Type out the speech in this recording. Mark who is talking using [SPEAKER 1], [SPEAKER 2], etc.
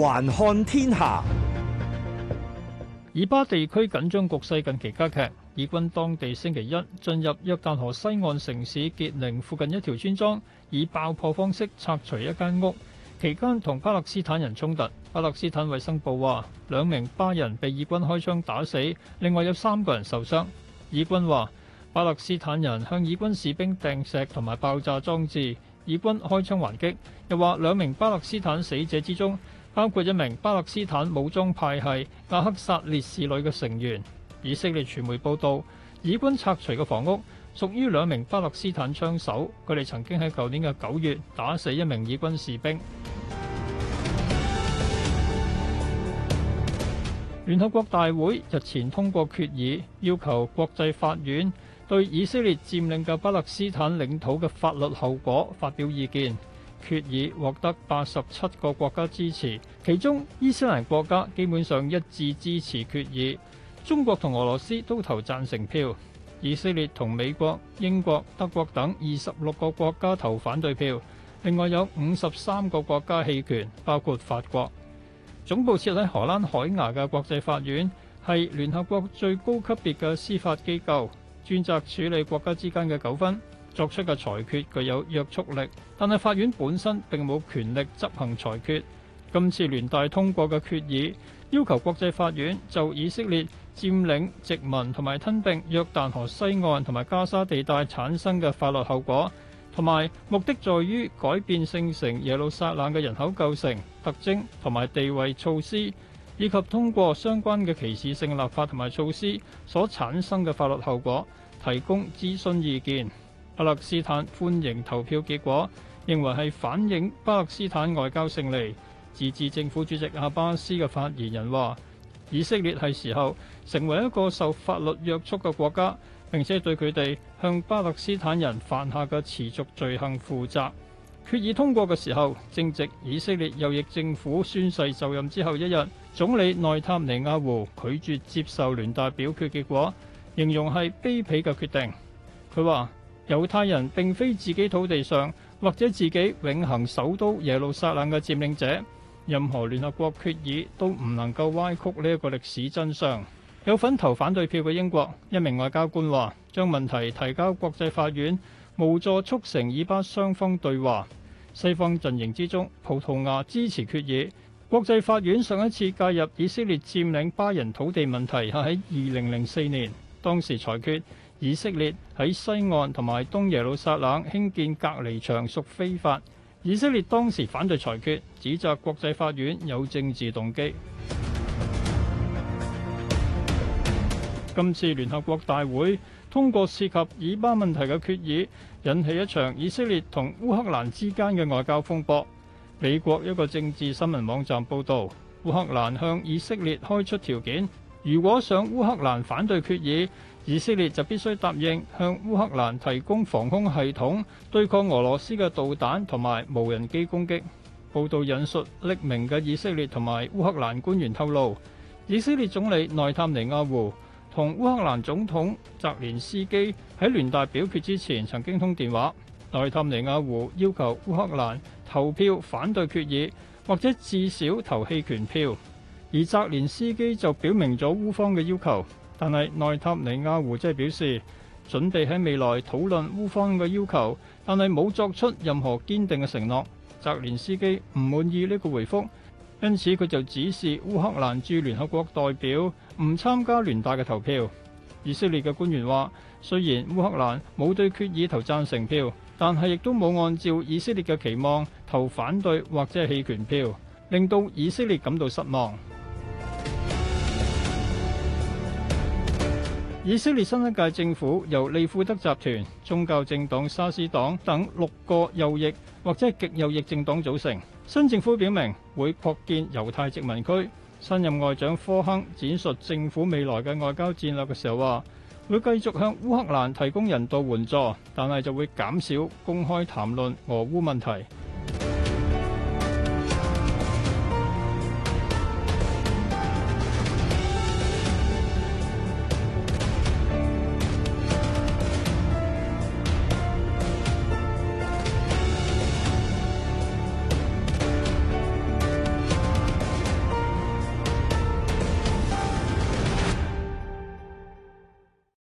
[SPEAKER 1] 環看天下，以巴地區緊張局勢近期加劇。以軍當地星期一進入約旦河西岸城市傑寧附近一條村莊，以爆破方式拆除一間屋，期間同巴勒斯坦人衝突。巴勒斯坦衛生部話，兩名巴人被以軍開槍打死，另外有三個人受傷。以軍話，巴勒斯坦人向以軍士兵掟石同埋爆炸裝置，以軍開槍還擊。又話兩名巴勒斯坦死者之中，包括一名巴勒斯坦武裝派系阿克薩烈士旅嘅成員。以色列傳媒報道，以軍拆除嘅房屋屬於兩名巴勒斯坦槍手，佢哋曾經喺舊年嘅九月打死一名以軍士兵。聯 合國大會日前通過決議，要求國際法院對以色列佔領嘅巴勒斯坦領土嘅法律後果發表意見。決議獲得八十七個國家支持，其中伊斯蘭國家基本上一致支持決議，中國同俄羅斯都投贊成票，以色列同美國、英國、德國等二十六個國家投反對票，另外有五十三個國家棄權，包括法國。總部設喺荷蘭海牙嘅國際法院係聯合國最高級別嘅司法機構，專責處理國家之間嘅糾紛。作出嘅裁決具有約束力，但係法院本身並冇權力執行裁決。今次聯大通過嘅決議，要求國際法院就以色列佔領、殖民同埋吞併約旦河西岸同埋加沙地帶產生嘅法律後果，同埋目的在於改變聖城耶路撒冷嘅人口構成、特徵同埋地位措施，以及通過相關嘅歧視性立法同埋措施所產生嘅法律後果，提供諮詢意見。巴勒斯坦歡迎投票結果，認為係反映巴勒斯坦外交勝利。自治政府主席阿巴斯嘅發言人話，以色列係時候成為一個受法律約束嘅國家，並且對佢哋向巴勒斯坦人犯下嘅持續罪行負責。決議通過嘅時候，正值以色列右翼政府宣誓就任之後一日，總理內塔尼亞胡拒絕接受聯代表決結果，形容係卑鄙嘅決定。佢話：猶太人並非自己土地上或者自己永恆首都耶路撒冷嘅佔領者，任何聯合國決議都唔能夠歪曲呢一個歷史真相。有份投反對票嘅英國一名外交官話，將問題提交國際法院，無助促成以巴雙方對話。西方陣營之中，葡萄牙支持決議。國際法院上一次介入以色列佔領巴人土地問題係喺二零零四年，當時裁決，以色列喺西岸同埋東耶路撒冷興建隔離牆屬非法。以色列當時反對裁決，指責國際法院有政治動機。 今次聯合國大會通過涉及以巴問題嘅決議，引起一場以色列同烏克蘭之間嘅外交風波。美國一個政治新聞網站報道烏克蘭向以色列開出條件，如果想烏克蘭反對決議。以色列就必須答應向烏克蘭提供防空系統，對抗俄羅斯嘅導彈同埋無人機攻擊。報道引述匿名嘅以色列同埋烏克蘭官員透露，以色列總理內塔尼亞胡同烏克蘭總統澤連斯基喺聯大表決之前曾經通電話，內塔尼亞胡要求烏克蘭投票反對決議，或者至少投棄權票，而澤連斯基就表明咗烏方嘅要求。但係內塔尼亞胡即係表示，準備喺未來討論烏方嘅要求，但係冇作出任何堅定嘅承諾。澤連斯基唔滿意呢個回覆，因此佢就指示烏克蘭駐聯合國代表唔參加聯大嘅投票。以色列嘅官員話：雖然烏克蘭冇對決議投贊成票，但係亦都冇按照以色列嘅期望投反對或者係棄權票，令到以色列感到失望。以色列新一屆政府由利庫德集團、宗教政黨沙斯黨等六個右翼或者係極右翼政黨組成。新政府表明會擴建猶太殖民區。新任外長科亨展述政府未來嘅外交戰略嘅時候話，會繼續向烏克蘭提供人道援助，但係就會減少公開談論俄烏問題。